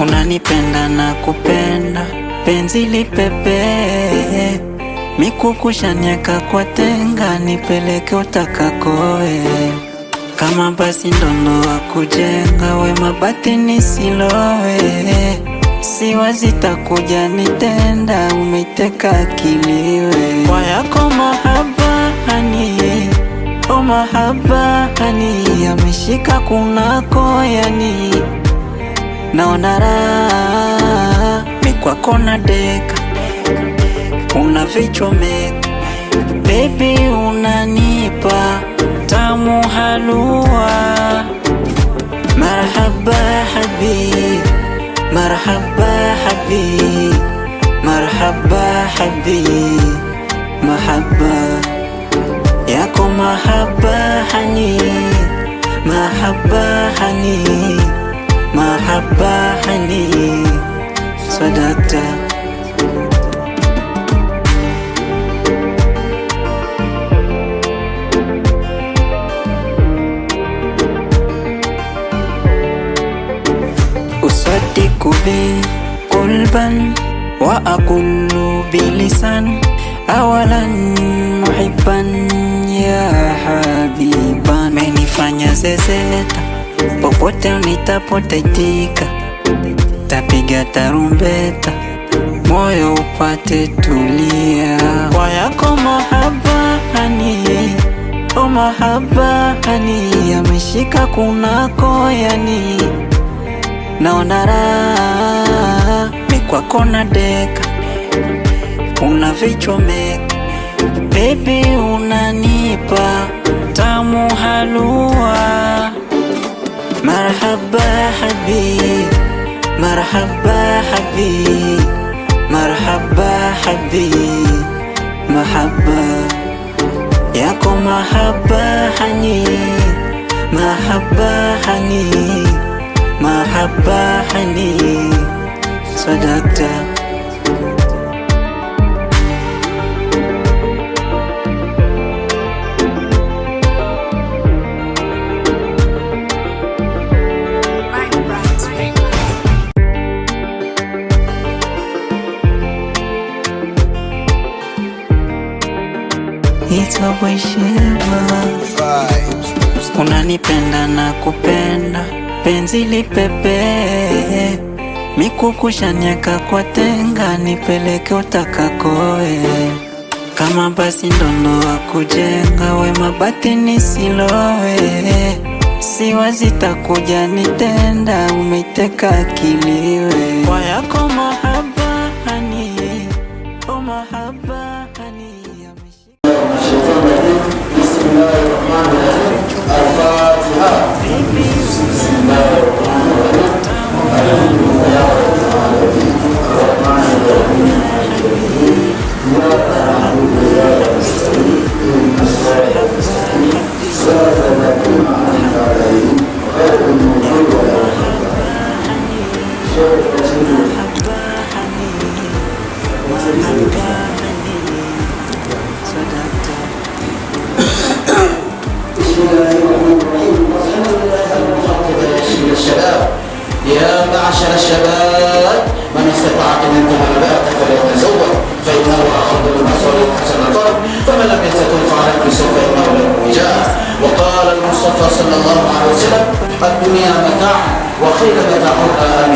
unanipenda na kupenda penzi mikukusha mikukushanyaka kwa tenga nipeleke utakakoe kama basi ndondo wa kujenga we mabati nisilowe siwazi takuja nitenda umeteka akiliwe kwa yako mahaba mahaba yani yameshika kunako yani naona raha mi kwako na deka unavichomeka bebi unanipa tamu halua marhaba habibi marhaba habibi marhaba habibi mahaba mahabba hani mahabba hani sadata uswati kubi kulban wa akulu bilisan awalan muhiban ya habiban, menifanya zezeta popote nitapotetika, tapiga tarumbeta moyo upate tulia, kwa yako mahabani o mahabani yameshika kunako yani naona raha mikwako na deka unavichomeka baby, unanipa tamu halua. Marhaba habib, marhaba habib, marhaba habib, mahaba yako mahaba hani, mahaba hani, mahaba hani, so Unanipenda na kupenda penzi lipepee, mikukushanyaka kwa tenga, nipeleke utakakoe. Kama basi ndondo wa kujenga, we mabati nisilowe, zitakuja nitenda, umeteka akiliwe kwa yako معشر الشباب من استطاعت منكم الباءة فليتزوج فإنه أخذ بالمسؤولية حسن الفرد فمن لم يستطع فعليه سوف فإنه له وجاء وقال المصطفى صلى الله عليه وسلم الدنيا متاع وخير متاعها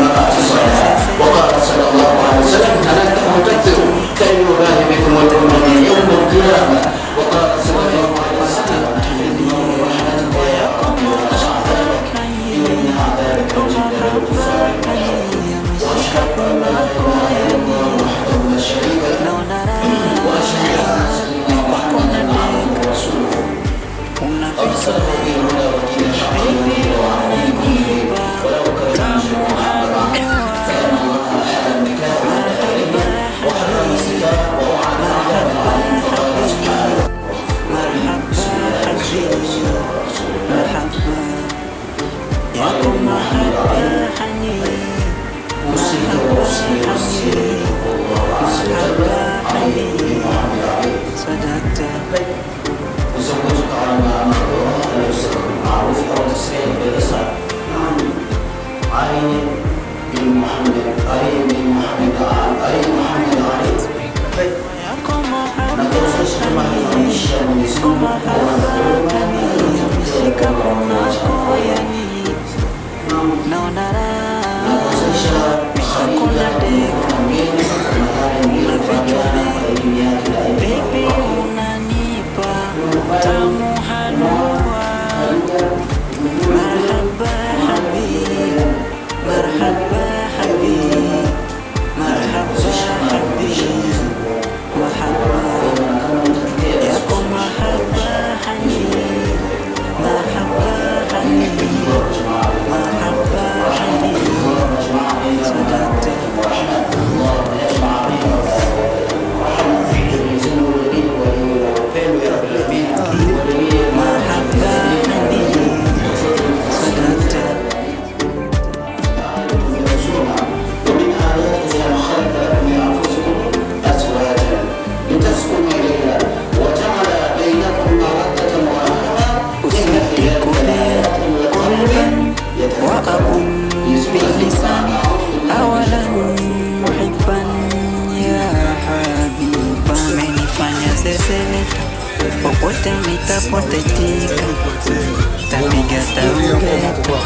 Tapiga tarumbeta,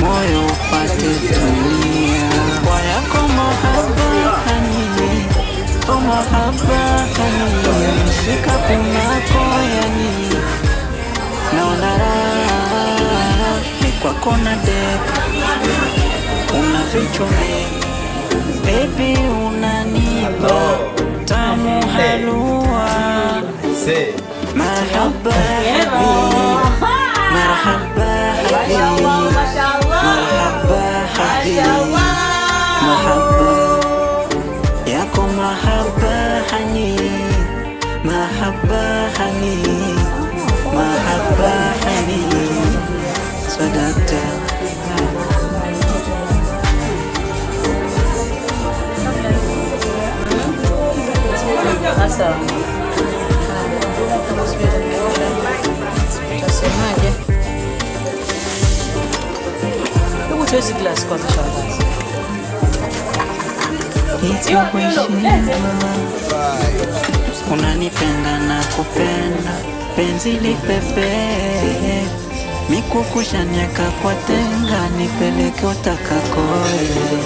moyo upate tulia. Kwa yako mahaba hanini, o mahaba hanini, shika kunako yani, naona ni kwako na deka, unavichomeka baby, unanipa tamu halua Marhaba ya habi Marhaba habi Marhaba habi ya Marhaba hani Mahaba hani Mahaba hani Swadakta Awesome. Utasemaje? Hebu tuwezi glass kwanza Unanipenda na kupenda penzi lipepe mikukusha nyaka kwa tenga nipeleke utakakoye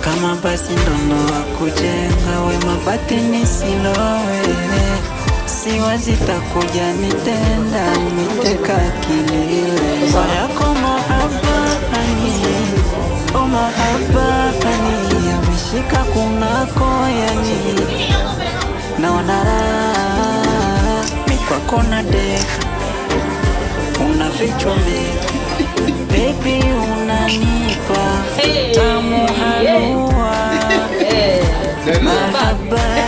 kama basi ndondo wa kujenga we mabati nisilowe siwezi takuja mitenda miteka kiliwe yako mahabani o mahabani yameshika kunako yani naona raha mikwako na deka una vichwa mbili Baby unanipa tamu halua marhaba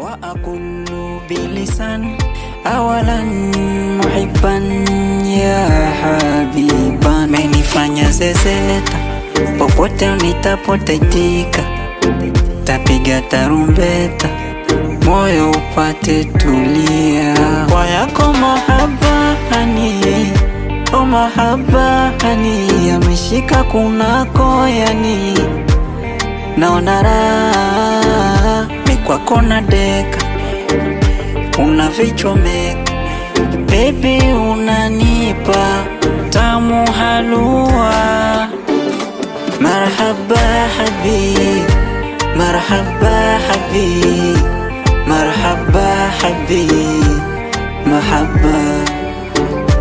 وأكون بلسان awalan muhiban ya habiban menifanya zezeta popote nitapotetika, tapiga tarumbeta, moyo upate tulia. Kwa yako mahaba o mahaba yameshika kunako yani, naona raha kwako na deka, unavichomeka baby, unanipa tamu halua. Marhaba habi marhaba habibi, marhaba habibi, mahaba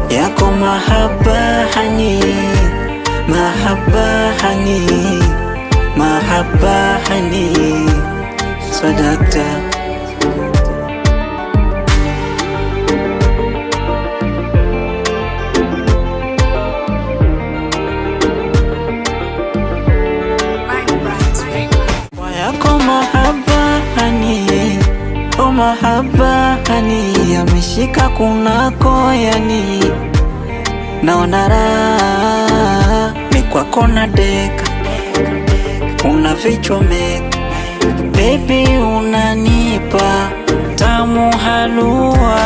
yako mahaba hani, mahaba hani, mahaba hani sadaka wayako mahabani o mahabani yameshika kunako yani naona raha ni kwako na deka unavichomeka Baby unanipa tamu halua,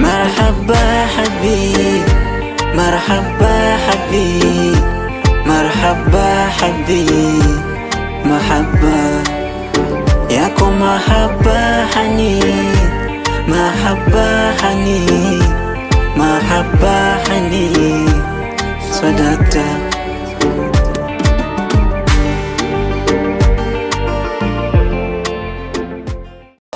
marhaba habib, marhaba habib, marhaba habib, mahaba yako mahaba hani, mahaba hani, mahaba hani, sadata